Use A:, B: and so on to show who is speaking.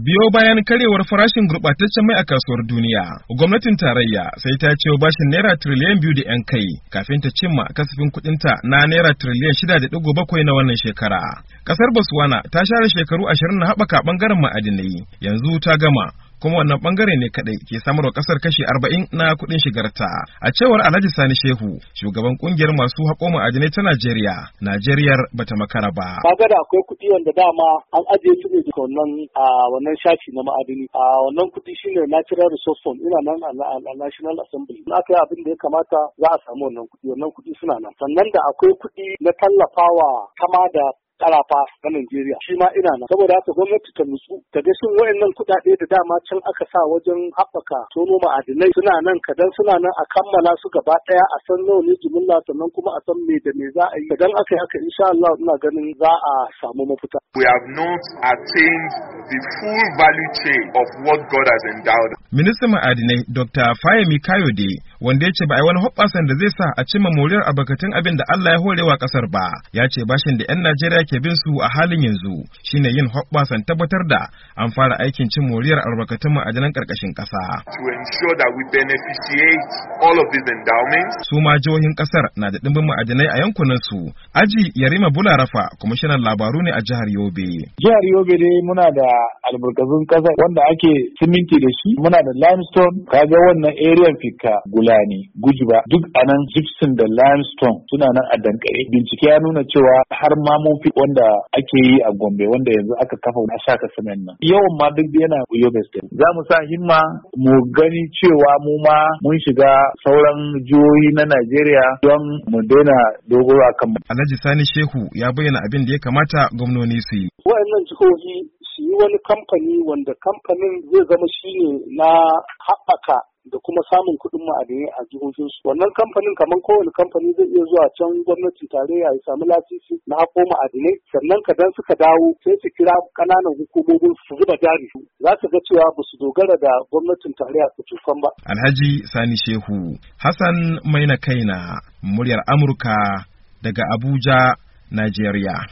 A: Biyo bayan karewar farashin gurɓataccen mai a kasuwar duniya, gwamnatin tarayya sai ta ce bashin naira tiriliyan biyu da 'yan kai kafin ta cimma kasafin kuɗinta na naira triliyan shida da digo bakwai na wannan shekara. Kasar Botswana ta share shekaru ashirin na haɓaka ɓangaren ma'adinai, yanzu ta gama kuma wannan bangare ne kadai ke samar wa kasar kashi arba'in na kuɗin shigarta a cewar alhaji sani shehu shugaban kungiyar masu haƙo ma'adinai ta najeriya najeriyar bata makara ba
B: kaga da akwai kuɗi wanda dama an ajiye su ne daga wannan a wannan shafi na ma'adini a wannan kuɗi shine natural resource fund ina nan a national assembly na kai abin da ya kamata za a samu wannan kuɗi wannan kuɗi suna nan sannan da akwai kuɗi na tallafawa kama da karafa na Najeriya shi ma ina nan saboda haka gwamnati ta nutsu ta ga shin wayannan kuɗaɗe da dama can aka sa wajen haɓaka tono ma'adinai suna nan kadan suna nan a kammala su gaba ɗaya a san nawa ne jimilla sannan kuma a san me da me za a yi kadan aka yi haka insha Allah ina ganin za a samu mafita. We have not attained the full value chain of what God has endowed.
A: Ministan ma'adinai Dr. Fayemi Kayode wanda ya ce ba a yi wani hoɓɓasan da zai sa a cimma moriyar albarkatun abin da Allah ya horewa ƙasar ba ya ce bashin da 'yan Najeriya ke bin su a halin yanzu shine yin hoɓɓasan tabbatar da an fara aikin cin moriyar albarkatun ma'adanan ƙarƙashin ƙasa. Su ma jihohin ƙasar na da ɗimbin ma'adanai a yankunan su. Aji Yarima Bularafa kwamishinan labaru ne a jihar Yobe.
C: Jihar Yobe dai muna da albarkatun ƙasa wanda ake siminti da shi muna da limestone kaga wannan area fika Fulani, Gujiba duk a nan gypsum da limestone suna nan a dankare. Bincike ya nuna cewa har ma mun fi wanda ake yi a Gombe wanda yanzu aka kafa na shaka sanan nan. Yawan ma duk yana Yobe State. Za mu sa himma mu gani cewa mu ma mun shiga sauran jihohi na Najeriya don mu daina dogoro akan.
A: Alhaji Sani Shehu ya bayyana abin da ya kamata gwamnoni su yi.
B: Wa'annan jihohi su yi wani kamfani wanda kamfanin zai zama shi ne na haɓaka da kuma samun kuɗin ma'adani a jihohinsu wannan kamfanin kamar kowane kamfani zai iya zuwa can gwamnatin tarayya ya samu lasisi na haƙo ma'adinai. sannan kadan suka dawo sai su kira ƙananan hukumomin su zuba jari za su ga cewa ba su dogara da gwamnatin tarayya su tufan ba.
A: Alhaji Sani Shehu Hassan Maina Kaina muryar Amurka daga Abuja, Najeriya.